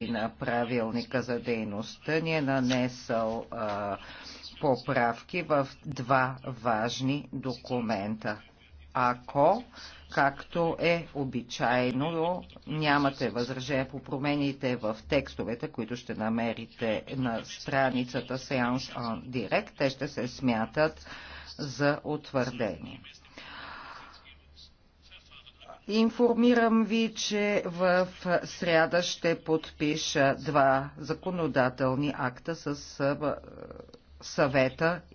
на правилника за дейността ни е нанесъл а, поправки в два важни документа. Ако, както е обичайно, нямате възражение по промените в текстовете, които ще намерите на страницата Seance on Direct, те ще се смятат за утвърдени. Информирам ви, че в сряда ще подпиша два законодателни акта с съвета